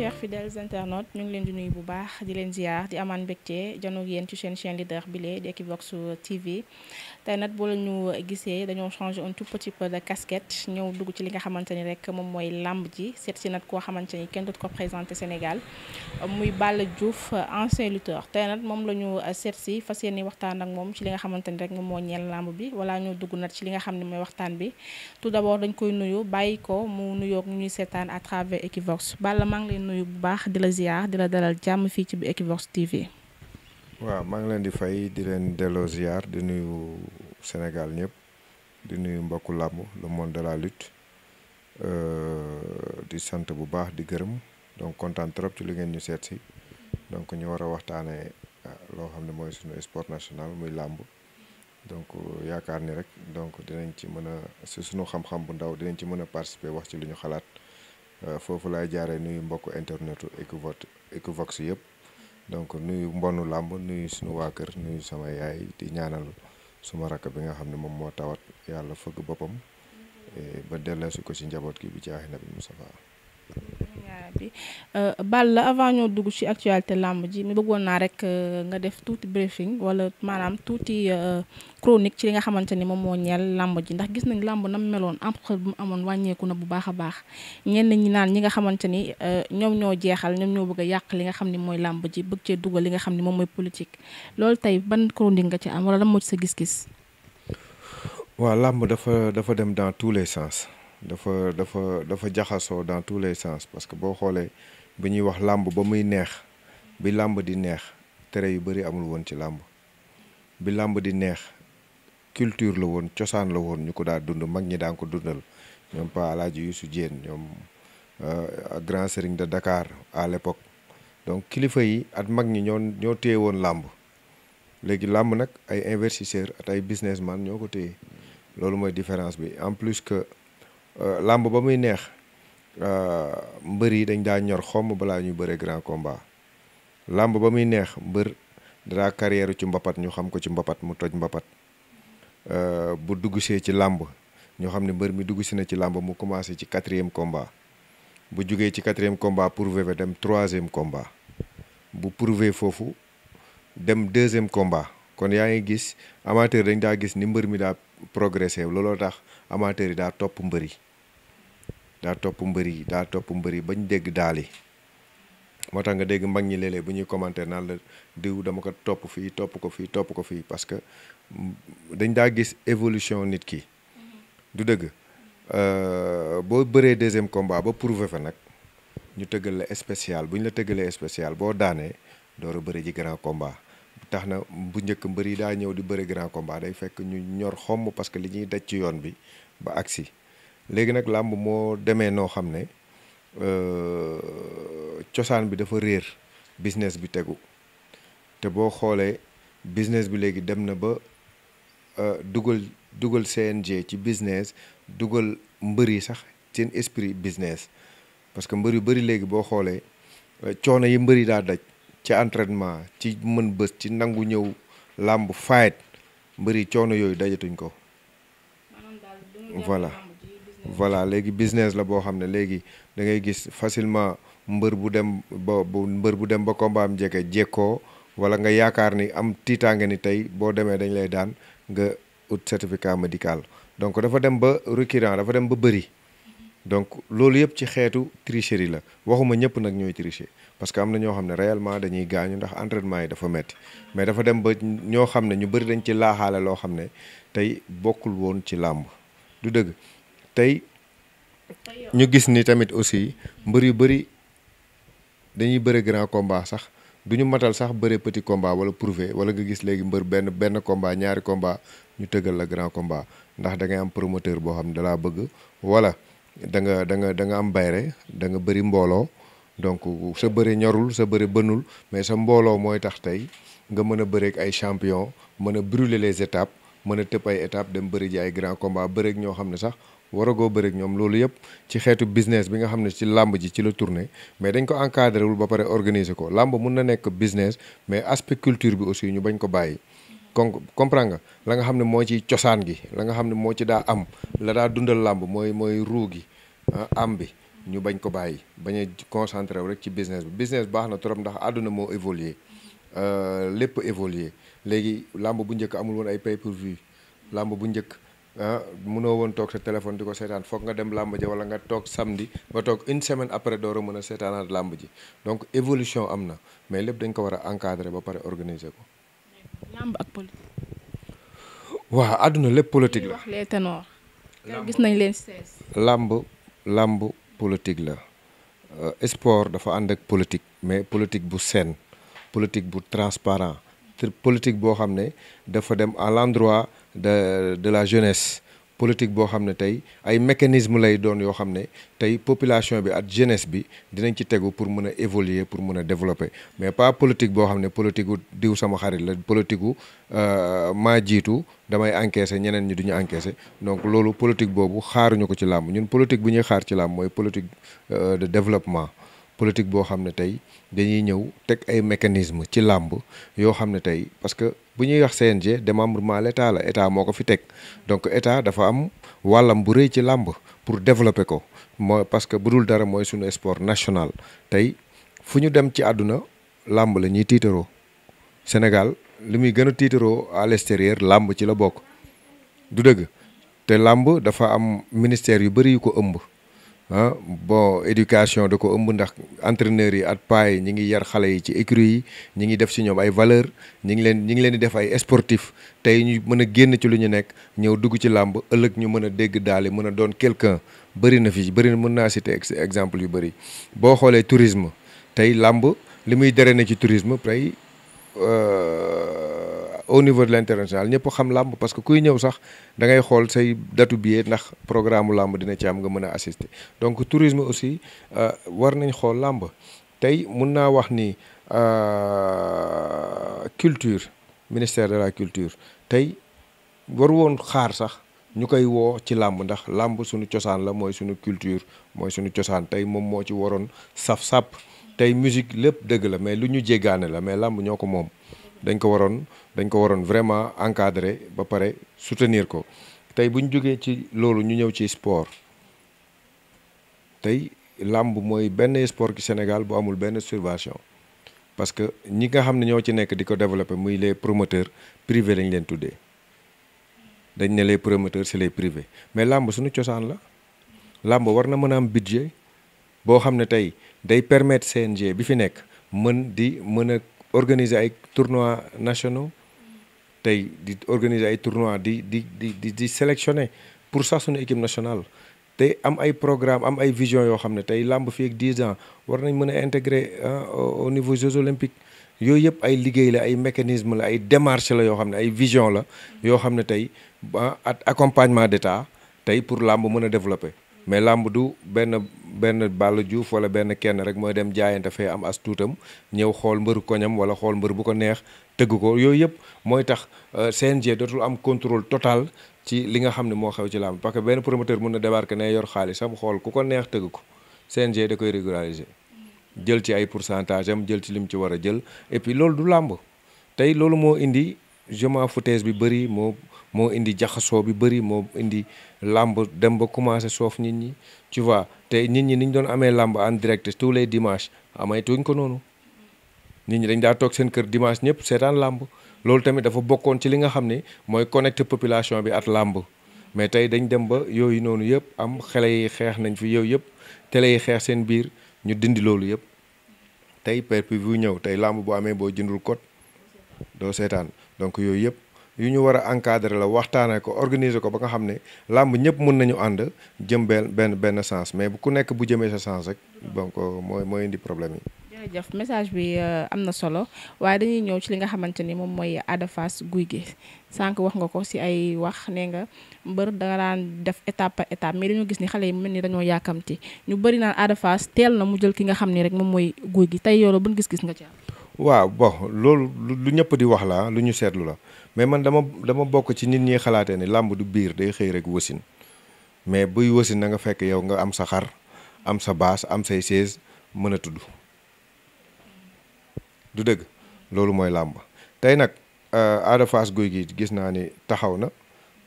chers fidèles internautes ñu ngi leen di nuyu bu baax di leen ziar di amaan mbégte janoog yéen ci seen chaîne leader bi lee di Equivox TV tey nag boo la ñu gisee dañoo changé un tout petit de casquette ñëw dugg ci li nga xamante ni rek moom mooy làmb ji seet si nag koo xamante ni kenn dootu ko présenté Sénégal muy Balla juuf ancien lutteur tey nag moom la ñu seet si fas yéene waxtaan ak moom ci li nga xamante ni rek moom moo ñeen làmb bi wala ñu dugg nag ci li nga xam ne mooy waxtaan bi tout d'abord dañ koy nuyu bàyyi ko mu nuyoog ñuy seetaan à travers Equivox nuyu bu baax di la ziar di jàmm fii ci bi Equivox TV. waaw maa ngi leen di fay di leen delloo ziar di nuyu Sénégal ñëpp di nuyu mbokku làmb le monde de la lutte euh, di sant bu baax di gërëm donc kontaan trop ci li ngeen ñu seet donc ñu war a waxtaanee euh, loo xam ne mooy suñu sport national muy làmb donc yaakaar ni rek donc dinañ ci mën a si suñu xam-xam bu ndaw dinañ ci mën a participer wax ci li ñu xalaat. Euh, foofu laay jaaree nuyu mbokk internetu Equivox Equivox yëpp donc nuyu mbonu làmb nuyu suñu waa kër nuyu sama yaay di ñaanal suma rakk bi nga xam ne moom moo tawat yàlla fëgg boppam ba delleesu ko ci njaboot gi bi jaaxi na bi Moustapha prix euh, Balla avant ñoo dugg ci actualité làmb ji mi bëggoon naa rek euh, nga def tuuti briefing wala maanaam tuuti euh, chronique ci li nga xamante ni moom moo ñeel làmb ji ndax gis nañ làmb nam meloon am xel bu mu amoon wàññeeku na bu baax a baax ñenn ñi naan ñi nga xamante ni ñoom ñoo jeexal ñoom ñoo bëgg a yàq li nga xam ni mooy làmb ji bëgg cee dugal li nga xam ni moom mooy politique loolu tey ban chronique nga ci am wala lan moo ci sa gis-gis. waaw làmb dafa dafa dem dans tous les sens. dafa dafa dafa jaxasoo dans tous les sens parce que boo xoolee bi ñuy wax làmb ba muy neex bi làmb di neex tere yu bëri amul woon ci làmb bi làmb di neex culture la woon cosaan la woon ñu ko daa dund mag ñi daan ko dundal ñoom pa Alaaji su Jéen ñoom euh, grand sëriñ de dakaar à l'époque donc kilifa yi at mag ñi ñoo ñoo téye woon làmb léegi làmb nag ay investisseurs at ay businessman ñoo ko téye loolu mooy différence bi en plus que Euh, làmb ba muy neex euh, mbër yi dañ daa ñor xomm balaa ñuy bëre grand combat làmb ba muy neex mbër dara carrière ci mbapat ñu xam ko ci mbapat mu toj mbapat euh, bu dugg see ci làmb ñoo xam ne mbër mi dugg si na ci làmb mu commencé ci quatrième combat bu jógee ci quatrième combat pour ba dem troisième combat bu prouvé foofu dem deuxième combat kon yaa ngi gis amateur dañ daa gis ni mbër mi daa progressé looloo tax amateurs yi daa topp mbër daa topp mbëri yi daa topp mbër bañ dégg daal yi moo tax nga dégg mag ñi léeg bu ñuy commenter naan la diw dama ko topp fii topp ko fii topp ko fii parce que dañ daa gis évolution nit ki du dëgg euh, boo bëree deuxième combat ba prouvé fa nag ñu tëggal la spécial bu ñu la tëggalee spécial boo daanee door a bëri ji grand combat tax na bu njëkk mbër yi daa ñëw di bëri grand combat day fekk ñu ñor xomm parce que li ñuy daj ci yoon bi ba agsi léegi nag làmb moo demee noo xam ne euh, cosaan bi dafa réer business bi tegu te boo xoolee business bi léegi dem na ba euh, dugal dugal CNG ci business dugal mbër yi sax seen esprit business parce que mbër yu bëri léegi boo xoolee euh, coono yi mbër yi daa daj ci entraînement ci mën bës ci nangu ñëw làmb fight mbëri coono yooyu dajatuñ ko voilà voilà léegi business la boo xam ne léegi da ngay gis facilement mbër bu dem ba mbër bu dem ba combat am jege jekkoo wala nga yaakaar ni am tiitaange ni tey boo demee dañ lay daan nga ut certificat médical donc dafa dem ba récurrent dafa dem ba bëri donc loolu yëpp ci xeetu tricherie la waxuma ñëpp nag ñooy tricher parce que am na ñoo xam ne réellement dañuy gaañu ndax entraînement yi dafa metti mais dafa dem ba ñoo xam ne ñu bëri dañ ci laaxaale loo xam ne tey bokkul woon ci làmb du dëgg tey ñu gis ni tamit aussi mbër yu bëri dañuy bëre grand combat sax du ñu matal sax bëre petit combat wala prouvé wala nga gis léegi mbër benn benn combat ñaari combat ñu tëggal la grand combat ndax da ngay am promoteur boo xam ne dalaa bëgg wala da nga da nga da nga am bayre da nga bëri mbooloo donc sa bëri ñorul sa bëri bënul mais sa mbooloo mooy tax tey nga mën a bëreek ay champion mën a brûler les étapes mën a tëb ay étapes dem bëri ji ay grand combat bëreek ñoo xam ne sax waragoo bëreek ñoom loolu yëpp ci xeetu business bi nga xam ne ci làmb ji ci la tournée mais dañ ko encadré wul ba pare organiser ko làmb mun na nekk business mais aspect culture bi aussi ñu bañ ko bàyyi kon comprendre nga la nga xam ne moo ci cosaan gi la nga xam ne moo ci daa am la daa dundal làmb mooy mooy ru gi ah, am bi ñu bañ ko bàyyi bañ a concentré wu rek ci business bi business baax na trop ndax àdduna moo évoluer euh, lépp évoluer léegi làmb bu njëkk amul woon ay pay per view bu njëkk ah mënoo woon toog sa téléphone di ko seetaan foog nga dem làmb ji wala nga toog samedi ba toog une semaine après door a mën a seetaanaat làmb ji donc évolution am na mais lépp dañ ko war a encadrer ba pare organiser ko làmb àdduna lépp politique la. wax les gis nañ leen làmb làmb politique la euh, sport dafa ànd ak politique mais politique bu seen politique bu transparent politique boo xam ne dafa dem à l'endroit de de la jeunesse. politique boo xam ne tey ay mécanisme lay doon yoo xam ne tey population bi ak jeunesse bi dinañ ci tegu pour mën a évoluer pour mën a développer mais pas politique boo xam ne politique diw sama xarit la politique gu euh, maa jiitu damay encaisser ñeneen ñi duñu encaisser donc loolu politique boobu xaaruñu ko ci làmb ñun politique bu ñuy xaar ci làmb mooy politique euh, de développement politique boo xam ne tey dañuy ñëw teg ay mécanisme ci làmb yoo xam ne tey parce que bu ñuy wax CNG démembrement l'état la état moo ko fi teg donc état dafa am wàllam bu rëy ci làmb pour développer ko mooy parce que bu dara mooy suñu sport national tey fu ñu dem ci àdduna làmb la ñuy tiitaroo Sénégal li muy gën a tiitaroo à làmb ci la bokk du dëgg te làmb dafa am ministère yu bëri yu ko ëmb ah bon éducation da ko ëmb ndax entraîneurs yi at paa yi ñi ngi yar xale yi ci écurie yi ñi ngi def si ñoom ay valeur ñi ngi leen ñi ngi leen di def ay sportif tey ñu mën a génn ci lu ñu nekk ñëw dugg ci làmb ëllëg ñu mën a dégg daali mën a doon quelqu'un bëri na fi bëri mën naa citer exemple yu bëri boo xoolee tourisme tey làmb li muy dere na ci tourisme tey euh, au niveau de l'international ñëpp xam làmb parce que kuy ñëw sax da ngay xool say datu billet ndax programme làmb dina ci am nga mën a assister donc tourisme aussi euh, war nañ xool làmb tey mun naa wax ni euh, culture ministère de la culture tey waru woon xaar sax ñu koy woo ci làmb ndax làmb suñu cosaan la mooy suñu culture mooy suñu cosaan tey moom moo ci waroon saf-sàpp tey musique lépp dëgg la mais lu ñu jéggaane la mais làmb ñoo ko moom dañ ko waroon dañ ko waroon vraiment encadrer ba pare soutenir ko tey bu ñu jógee ci loolu ñu ñëw ci sport tey làmb mooy benn sport ci Sénégal bu amul benn subvention parce que ñi nga xam ne ñoo ci nekk di ko développer muy les promoteurs privés lañ leen tuddee dañ ne les promoteurs c'est les privés mais làmb suñu cosaan la làmb war na mën a am budget boo xam ne tey day permettre CNG bi fi nekk mën di mën a organiser ay tournois nationaux tey di organiser ay tournois di di di di di sélectionner pour sax suñu équipe nationale tey am ay programme am ay vision yoo xam ne tey làmb fii ak 10 ans war nañ mën a intégrer ah, au niveau Jeux olympiques yooyu yëpp ay liggéey la ay mécanisme la ay démarche la yoo xam ne ay vision la yoo xam ne tey accompagnement d'État tey pour làmb mën a développer mais làmb du benn benn Balla Diouf wala benn kenn rek mooy dem jaayante fee am as tuutam ñëw xool mbëru koñam wala xool mbër bu ko neex tëgg ko yooyu yëpp mooy tax euh, CNG dootul am contrôle total ci li nga xam ne moo xew ci làmb parce que benn promoteur mun na débarquer ne yor xaalisam xool ku ko neex tëgg ko CNG da koy régulariser jël ci ay pourcentage am jël ci lim ci war a jël et loolu du làmb tey loolu moo indi je m'en foutaise bi bëri moo moo indi jaxasoo bi bëri moo indi làmb dem ba commencé soof nit ñi tu vois te nit ñi ni doon amee làmb en direct tous les dimanches amay tuñ ko noonu nit ñi dañ daa toog seen kër dimanche ñëpp seetaan làmb loolu tamit dafa bokkoon ci li nga xam ne mooy connecter population bi at làmb mais tey dañ dem ba yooyu noonu yëpp am xele yi xeex nañ fi yooyu yëpp tele yi xeex seen biir ñu dindi loolu yëpp tey per view ñëw tey làmb boo amee boo jëndul code doo seetaan donc yooyu yëpp yu ñu war a encadrer la waxtaanee ko organiser ko ba nga xam ne làmb ñëpp mën nañu ànd jëm benn benn benn sens mais bu ku nekk bu jëmee sa sens rek donc euh, mooy mooy indi problème yi. message bi euh, am na solo waaye dañuy ñëw ci li nga xamante ni moom mooy adafas guy gi Gui sànq wax nga ko si ay wax nee nga mbër danga daan def étape par étape mais dañoo gis ni xale yi mel ni dañoo yàkkamti ñu bëri naan Ada teel na mu jël ki nga xam ni rek moom mooy Gouye gi tey yow ban gis-gis nga ci waaw bon loolu lu ñëpp di wax la lu ñu seetlu la mais man dama dama bokk ci nit ñi xalaatee ni làmb du biir day xëy rek wasin mais buy wasin na nga fekk yow nga am sa xar am sa baas am say chaise mën a tudd du dëgg loolu mooy làmb tey nag euh, Ada Fass guy Gui gis naa ni taxaw na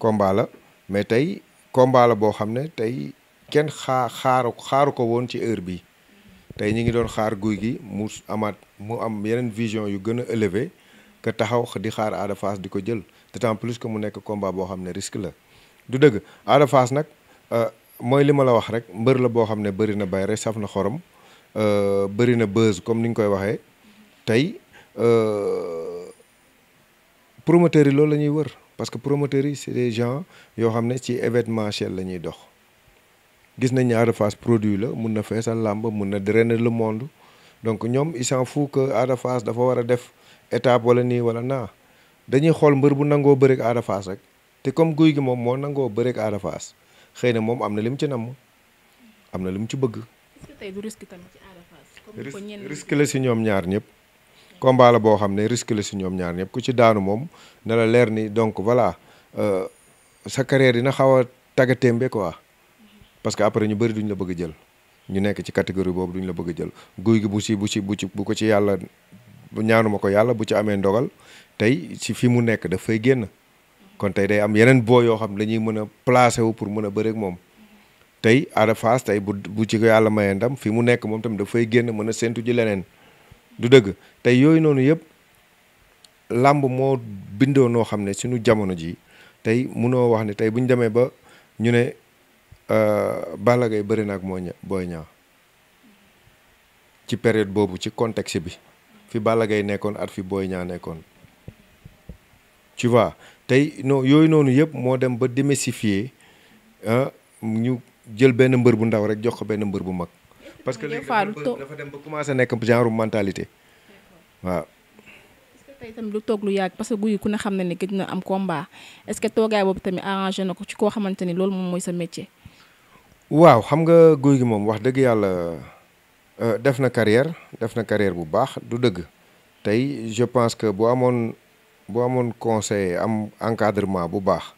combat mais tey combat boo xam ne tey kenn xaar xaaru xaaru ko woon ci heure bi tey ñu ngi doon xaar guy gi mu amaat mu am yeneen vision yu gën a élevé que taxaw di xaar Ada Fass di ko jël d'autant plus que mu nekk combat boo xam ne risque la du dëgg Ada Fass nag euh, mooy li ma la wax rek mbër la boo xam ne bëri na bay rek saf na xorom euh, bëri na buzz comme ni ñu koy waxee tey euh, promoteurs yi loolu la ñuy wër parce que promoteurs yi c'est des gens yoo xam ne ci événementiel la ñuy dox gis nañ ne Ada Fass produit la mun na feesal làmb mun na drainer le monde donc ñoom ils s'en fout que dafa war a def étape wala nii wala naa dañuy xool mbër bu nangoo bëreeg Ada rek te comme guy gi moom moo nangoo bëreeg Ada Fass xëy na moom am na li mu ci namm am na li mu ci bëgg. est-ce risque la si ñoom ñaar ñëpp. combat boo xam ne risque la si ñoom ñaar ñëpp ku ci daanu moom na la leer nii donc voilà euh, sa carrière dina xaw a taggatémbe quoi. parce que après ñu bëri duñ la bëgg jël ñu nekk ci catégorie boobu duñu la bëgg a jël guy gi bu si bu si bu ci bu ko ci yàlla ñaanuma ko yàlla bu ci amee ndogal tey si fi mu nekk dafay génn kon tey day am yeneen boo yoo xam ne dañuy mën a placé wu pour mën a bëreek moom tey Ada tey bu bu ci yàlla mayee ndam fi mu nekk moom tamit daf génn mën a séntu ji leneen du dëgg tey yooyu noonu yëpp làmb moo bindoo noo xam ne suñu jamono ji tey munoo wax ne tey bu ñu demee ba ñu ne Euh, Balla Gaye bëri na ak mooy Boy ci période boobu ci contexte bi fi Balla yi nekkoon at fi Boy Niang nekkoon ci vois tey non yooyu noonu yëpp moo dem ba démystifier ñu jël benn mbër bu ndaw rek jox ko benn mbër bu mag. parce que léegi dafa commencé nekk genre mentalité waaw. tey lu toog lu yàgg parce que ku ne xam ne gëj na am combat est-ce que toogaay boobu tamit arrangé na ko ci koo xamante ni loolu moom mooy sa métier. waaw xam nga guy gi moom wax dëgg yàlla euh, def na carrière def na carrière bu baax du dëgg tey je pense que bu amoon bu amoon conseil am encadrement bu baax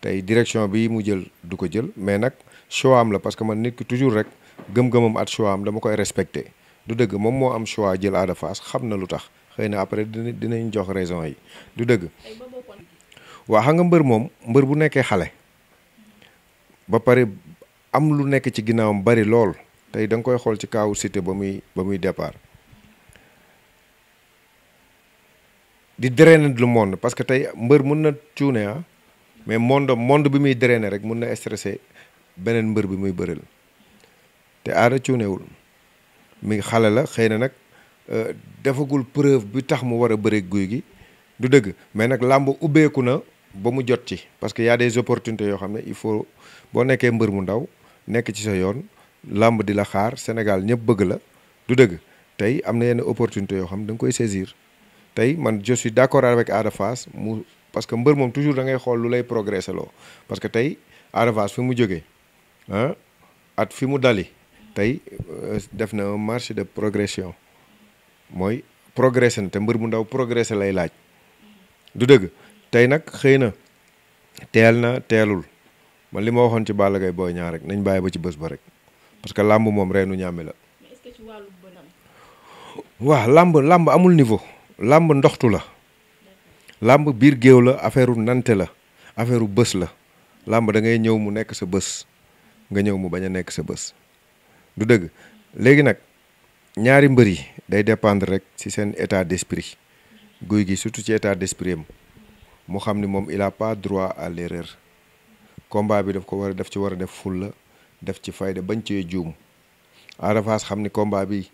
tey direction bi mu jël du ko jël mais nag choix am la parce que man nit ki toujours rek gëm-gëmam at choix am dama koy respecté du dëgg moom moo am choix jël Ada Fass xam na lu tax xëy na après dina dinañ jox raison yi du dëgg waa xam nga mbër moom mbër bu nekkee xale ba pare am lu nekk ci ginnaawam bari lool tey da nga koy xool ci kaawu Cité ba muy ba muy départ di drainer le monde parce que tey mbër mun na cuune ah mais monde monde bi muy drainer rek mun na stressé beneen mbër bi muy bëril te aada cuunewul mi xale la xëy na nag euh, defagul preuve bi tax mu war a bëre guy gi du dëgg mais nag làmb ubbeeku na ba mu jot ci parce que y a des opportunités yoo xam ne il faut boo nekkee mbër mu ndaw nekk ci sa yoon làmb di la xaar Sénégal ñëpp bëgg la du dëgg tey am na yenn opportunité yoo xam ne nga koy saisir tey man je suis d'accord avec Ada mu parce que mbër moom toujours da ngay xool lu lay progressé loo parce que tey Ada Fass fi mu jógee ah at fi mu dali tey euh, def na marché de progression mooy progressé na te mbër mu ndaw progressé lay laaj du dëgg tey nag xëy na teel na teelul man li ma waxoon ci bala Gaye booy Niang rek nañ bàyyi ba ci bés ba rek parce que làmb moom reenu ñàmmi la. waa làmb làmb amul niveau. làmb ndoxtu la. làmb biir géew la affaire nante la affaire bës la làmb da ngay ñëw mu nekk sa bës nga ñëw mu bañ a nekk sa bës du dëgg léegi nag ñaari mbër yi day dépendre rek ci seen état d'esprit guy gi surtout ci état d'esprit am mu xam ni moom il a pas droit à l'erreur combat bi daf ko war a def ci war a def fulla def ci fayde bañ ci juum Ada Fass xam ni combat bi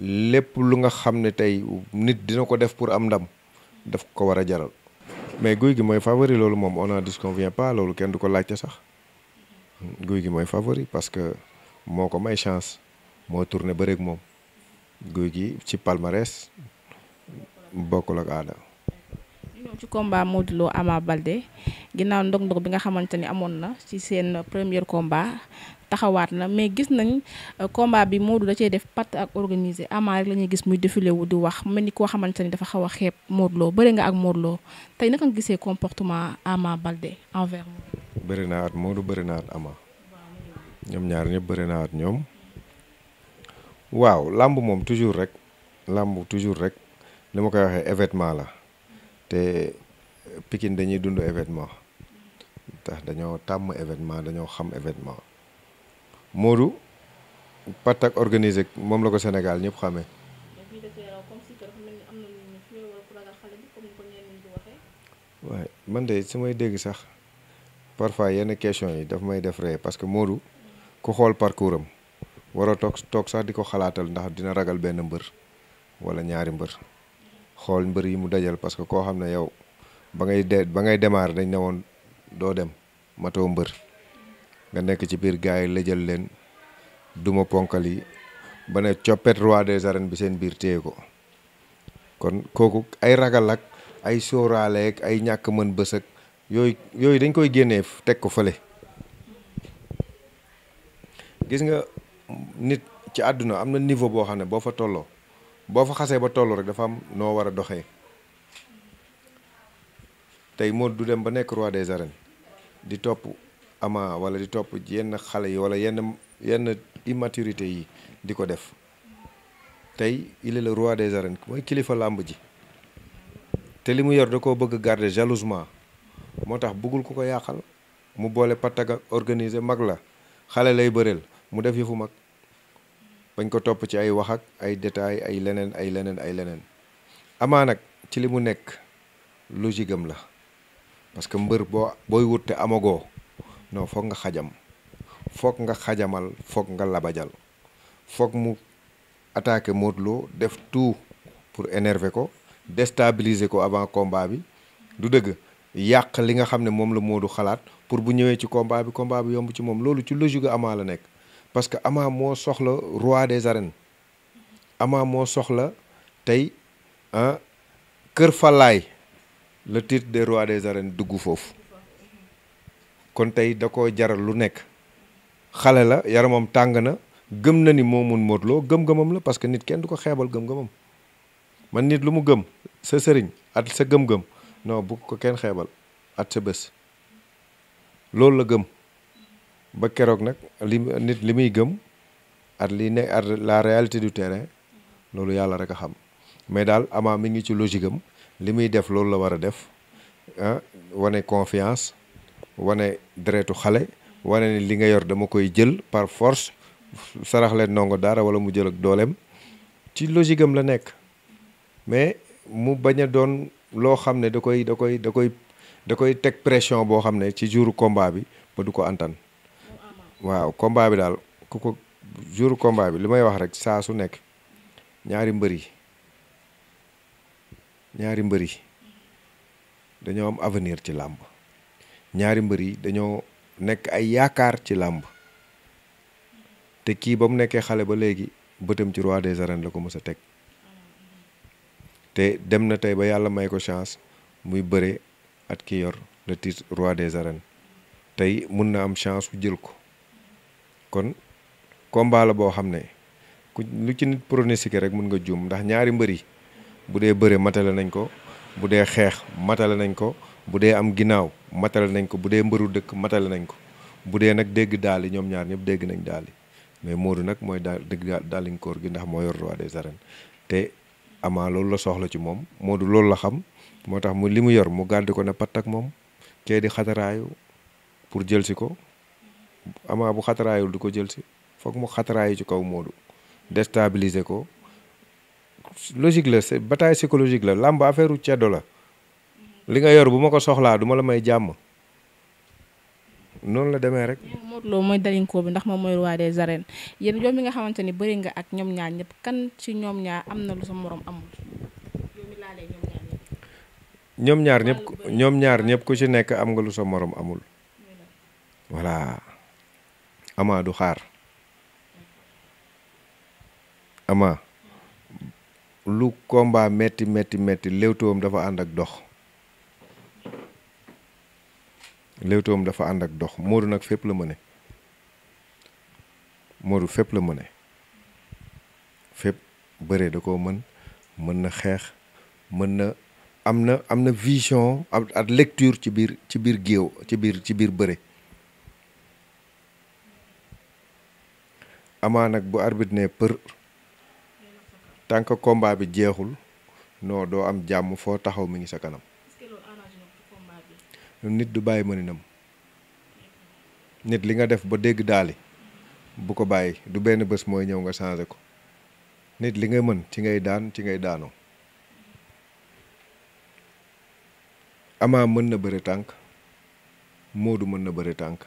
lépp lu nga xam ne tey nit dina ko def pour am ndam daf ko war a jaral mais guy gi mooy favori loolu moom on n'en disconvient pas loolu kenn du ko laajte sax guy gi mooy favori parce que moo ko may chance moo tourné ba rek moom guy gi ci palmarès bokkul ak aada. ci combat Modou Lo Ama Baldé ginnaaw ndog-ndog bi nga xamante ni amoon na ci seen première combat taxawaat na mais gis nañ euh, combat bi Modou da cee def pat ak organiser Ama rek la ñuy gis muy défilé wu di wax mel ni koo xamante ni dafa xaw a xeeb Modou Lo bëri nga ak Modou tey naka nga gisee comportement Ama Baldé envers bëri naa at Modou bëri naa at Ama ñoom ñaar ñëpp bëri naa at ñoom waaw làmb moom toujours rek làmb toujours rek li ma koy waxee événement la. te Pikine dañuy dund événement tax dañoo tàmm événement dañoo xam événement Modou pat ak organisé moom la ko Sénégal ñëpp xamee. waaye man de su may dégg sax parfois yenn question yi daf may def ree parce que Modou ku xool parcours am war a toog toog sax di ko xalaatal ndax dina ragal benn mbër wala ñaari mbër. xool mbër yi mu dajal parce que koo xam ne yow ba ngay de ba ngay démarrer dañ ne woon doo dem matoo mbër nga nekk ci biir gars yi la leen duma ponkal yi ba ne coppet roi des arènes bi seen biir téye ko kon kooku ay ragalak ay sóoraale ay ñàkk mën bës yooyu yooyu dañ koy génnee teg ko fële gis nga nit ci àdduna am na niveau boo xam ne boo fa tolloo boo fa xasee ba toll rek dafa am noo war a doxee tey moo du dem ba nekk roi des arènes di topp ama wala di topp yenn xale yi wala yenn yenn immaturité yi di ko def tey il est roi des arènes mooy kilifa làmb ji te li mu yor da koo bëgg garder jalousement moo tax bëggul ku ko yàqal mu boole pattaga organiser mag la xale lay bëreel mu def yëfu mag bañ ko topp ci ay wax ak ay détails ay leneen ay leneen ay leneen amaa nag ci li mu nekk logique la parce que mbër boo booy wut te amagoo non foog nga xajam foog nga xajamal foog nga labajal foog mu attaque Modou Lo def tout pour énerver ko déstabiliser ko avant combat bi du dëgg yàq li nga xam ne moom la Modou xalaat pour bu ñëwee ci combat bi combat bi yomb ci moom loolu ci logique amaa la nekk parce que Ama moo soxla roi des arènes Ama moo soxla tey ah Kër Falaay le titre des rois des arènes dugg foofu kon tey da ko jaral lu nekk xale la yaramam tàng na gëm na ni moo mun móotloo gëm-gëmam la parce que nit kenn du ko xeebal gëm-gëmam man nit lu mu gëm sa sëriñ at sa gëm-gëm non bu ko kenn xeebal at sa bés loolu la gëm ba keroog nag li nit li muy gëm at li ne at la réalité du terrain loolu yàlla rek a xam mais daal Ama mi ngi ci logique am li muy def loolu la war a def ah, wane confiance wane deretu xale wane ni li nga yor dama koy jël par force saraxleen leen ndongo daara wala mu jël ak dooleem ci logique am la nekk mais mu bañ a doon loo xam ne da koy da koy da koy da koy teg pression boo xam ne ci jouru combat bi ba du ko antan waaw combat bi daal ku ko jour combat bi li may wax rek saa su nekk ñaari mbër yi ñaari mbër yi dañoo am avenir ci làmb ñaari mbër yi dañoo nekk ay yaakaar ci làmb te kii ba mu nekkee xale ba léegi bëtam ci roi des arènes la ko mës a teg te dem na tey ba yàlla may ko chance muy bëre at ki yor le titre roi des arènes tey mun na am chance bu jël ko kon combat boo xam ne ku lu ci nit pronostiqué rek mun nga jum ndax ñaari mbër yi bu dee bëre matale nañ ko bu dee xeex matale nañ ko bu dee am ginnaaw matale nañ ko bu dee mbëru dëkk matale nañ ko bu dee nag dégg daal yi ñoom ñaar ñëpp dégg nañ daal yi mais Modou nag mooy daal dégg daaliñ koor gi ndax moo yor waa des arènes te Ama loolu la soxla ci moom moo du loolu la xam moo tax mu li mu yor mu gàddu ko ne patt ak moom kee di xataraayu pour jël si ko Ama bu xataraayul du ko jël si foog mu xataraayu ci kaw Modou destabilise ko logique la c'est psychologique la làmb affaire u ceddo la li nga yor bu ma ko soxlaa duma la may jàmm noonu la demee rek. Modou Lo mooy dalinkoo bi ndax moom mooy roi des arènes yéen yow nga xamante ni bëri nga ak ñoom ñaar ñëpp kan ci ñoom ñaar am na lu sa morom amul ñoom ñaar ñëpp ñaar ñëpp ku ci nekk am nga lu sa morom amul voilà. ama du xaar ama lu combat metti metti metti léewtoom dafa ànd ak dox léewtoom dafa ànd ak dox Modou nag fépp la mëne Modou fépp la mëne fépp bëre da koo mën mën na xeex mën na am na am na vision ak lecture ci biir ci biir géew ci biir ci biir bëre amaa nag bu arbit ne për tant que bi jeexul non doo am jàmm foo taxaw mi ngi sa kanam nit du bàyyi mëninam nit li nga def ba dégg daali bu ko bàyyi du benn bés mooy ñëw nga changé ko nit li nga mën ci ngay daan ci ngay daanoo Ama mën na bëre tànk Modou mën na bëre tànk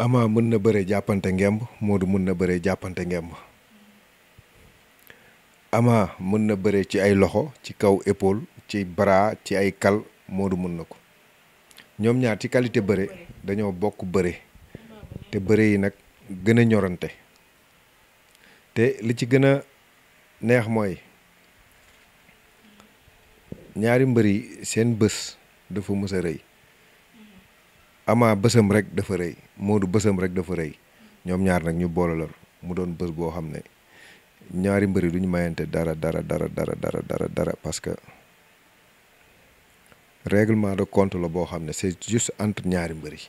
Ama mën na bëre jàppante ngemb Modou mën na bëre jàppante ngemb Ama mën na bëre ci ay loxo ci kaw épaule ci bras ci ay kal Modou mën na ko ñoom ñaar ci qualité bëre dañoo bokk bëre te bëre yi nag gën a ñorante te li ci gën a neex mooy ñaari mbër yi seen bés dafa mës a rëy Ama bësam rek dafa rëy Modou bësëm rek dafa rëy ñoom ñaar nag ñu boole la mu doon bës boo xam ne ñaari mbëri du ñu mayante dara dara dara dara dara dara dara parce que règlement de compte la boo xam ne c'est juste entre ñaari mbëri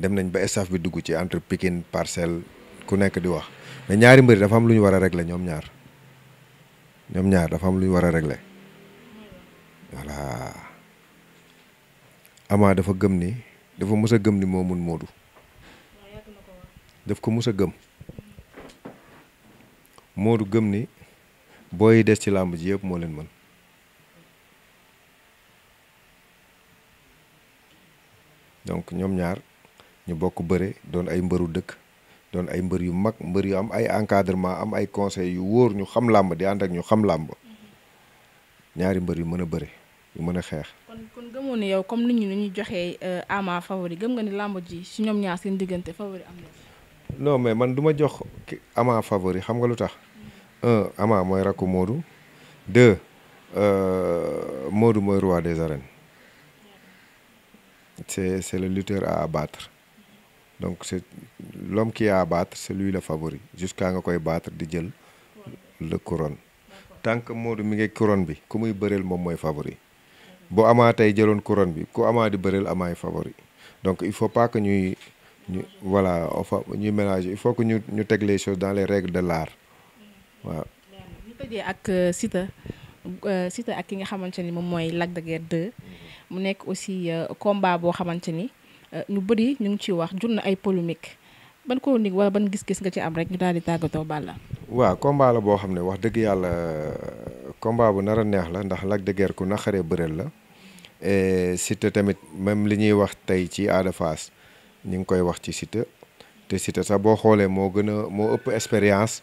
dem nañ ba staff bi dugg ci entre Pikine Parcelles ku nekk di wax mais ñaari mbëri dafa am lu ñu war a régler ñoom ñaar ñoom ñaar dafa am lu ñu war a régler voilà Ama dafa gëm ni. dafa mës a gëm ni moo mun Modou daf ko mës a gëm Modou gëm ni booy des ci làmb ji yëpp moo leen mën donc ñoom ñaar ñu bokk bëre doon ay mbëru dëkk doon ay mbër yu mag mbër yu am ay encadrement am ay conseil yu wóor ñu xam làmb di ànd ak ñu xam làmb ñaari mbër yu mën a bëre ñu mën a xeex. kon kon gëmoo ne yow comme nit ñi ñu joxee euh, Ama favori gëm nga ni làmb ji si ñoom ñaar seen diggante favori am na. non mais man duma jox Ama favori xam nga lu tax. Mm. un Ama mooy rakku Modou. deux euh, Modou mooy roi des arènes. c'est c'est le lutteur à abattre. donc c'est l'homme qui a à c'est lui le favori jusqu'à nga koy battre di jël le couronne tant que Modou mi ngi couronne bi ku muy bëreel moom mooy favori boo Ama tey jëloon couronne bi ku Ama di bëreel Amaay favori donc il faut pas que ñuy ñu voilà ñuy mélanger il faut que ñu ñu teg les choses dans les règles de l'art waaw. ñu tëjee ak euh, Siteu euh, Siteu ak ki nga xamante ni moom mooy Lac de mu nekk aussi euh, combat boo xamante ni ñu bëri ñu ngi ciy wax jur na ay polémique ban koo ni wala ban gis-gis nga ci am rek ñu daal di tàggatoo Balla. waaw combat boo xam ne wax dëgg yàlla combat bu nara neex la ndax Lac de Guiers ku naqaree bëreel la. Eh, Siteu tamit même li ñuy wax tey ci Ada Fass ñu ngi koy wax ci Siteu te Siteu sax boo xoolee moo gën a moo ëpp expérience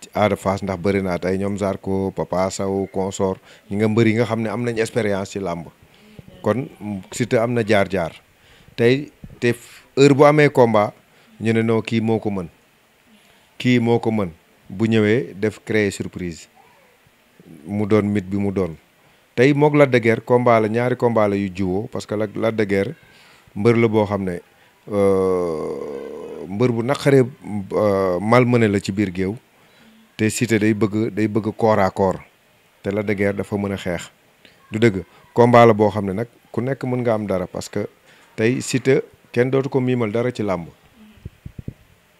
ci Ada ndax bëri naa tey ñoom Zarko Papa Sow consort ñi nga mbër yi nga xam ne am nañ expérience ci làmb kon Siteu am na jaar-jaar tey te heure bu amee combat ñu ne noo kii moo ko mën kii moo ko mën bu ñëwee def créer surprise mu doon mit bi mu doon tey moog Lac de Guiers ñaari combat yu jiwoo parce que la Lac mbër la boo xam ne euh, mbër bu naqaree euh, mëne la ci biir géew te Siteu day bëgg day bëgg corps à te Lac de dafa mën a xeex du dëgg combat boo xam ne nag ku nekk mën nga am dara parce que tey Siteu kenn dootu ko miimal dara ci làmb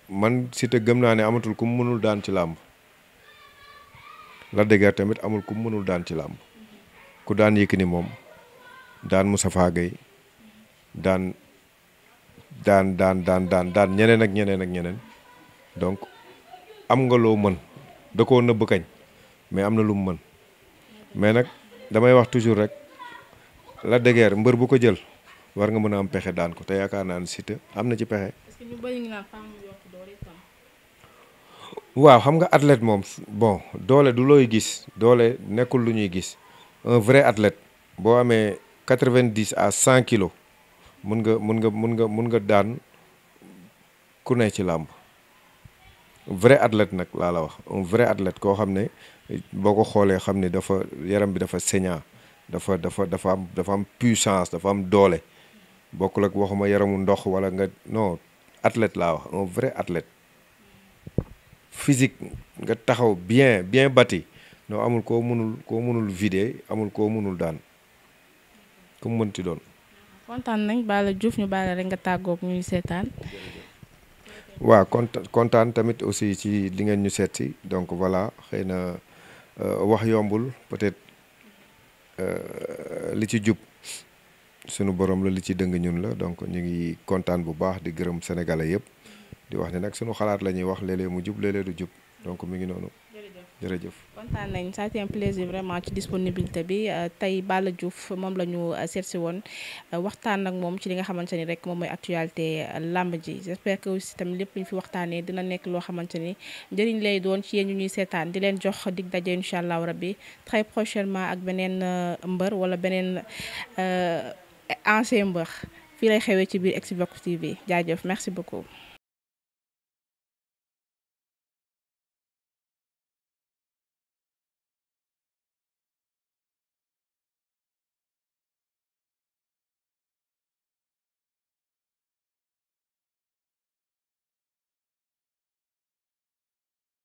man Siteu gëm naa ne amatul ku mënul daan ci làmb Lac de tamit amul kum mënul daan ci làmb ku daan ni moom daan Moustapha Gueye daan daan daan daan daan daan ñeneen ak ñeneen ak ñeneen donc am nga loo mën da koo nëbb kañ mais am na lu mu mën mais nag damay wax toujours rek la degeer mbër bu ko jël war nga mën a am pexe daan ko te yaakaar naa ne Siteu am na ci pexe. est waaw xam nga athlète moom bon doole du looy gis doole nekkul lu ñuy gis. un vrai athlète boo amee quatre-vingt-dix à cent kilos mun nga mun nga mun nga mun nga daan ku ne ci làmp vrai athlète nag laa la wax un vrai athlète koo xam ne boo ko xoolee xam ne dafa yaram bi dafa saignant dafa dafa dafa am dafa am puissance dafa am doole bokkul ak waxuma yaramu ndox wala nga non athlète laa wax un vrai athlète physique nga taxaw bien bien bati non amul koo mënul koo mënul vidé amul koo mënul daan ku mu mënti doon. kontaan nañ Balla Diouf ñu baale rek nga tàggoog ñuy seetaan. waa kontaan kontaan tamit aussi ci li ngeen ñu seeti donc voilà xëy na euh, wax yombul peut-être euh, li ci jub sunu borom la li ci dëng ñun la donc ñu ngi kontaan bu baax di gërëm sénégalais yëpp di wax ne nag sunu xalaat la ñuy wax léeg mu jub léeg-léeg du jub donc mi ngi noonu. jërëjëf kontaan nañ ça a été plaisir vraiment ci disponibilité bi euh, tey Balla Diouf moom la ñu euh, seetsi woon euh, waxtaan ak moom ci li nga xamante ni rek moom mooy actualité lamb ji j'espère que aussi tamit lépp ñu fi waxtaanee dina nekk loo xamante ni njëriñ lay doon ci yéen ñu ñuy seetaan di leen jox dig daje incha allah rabbi très prochainement ak beneen mbër wala beneen ancien mbër fii lay xewee ci biir Equivox TV jaajëf merci beaucoup.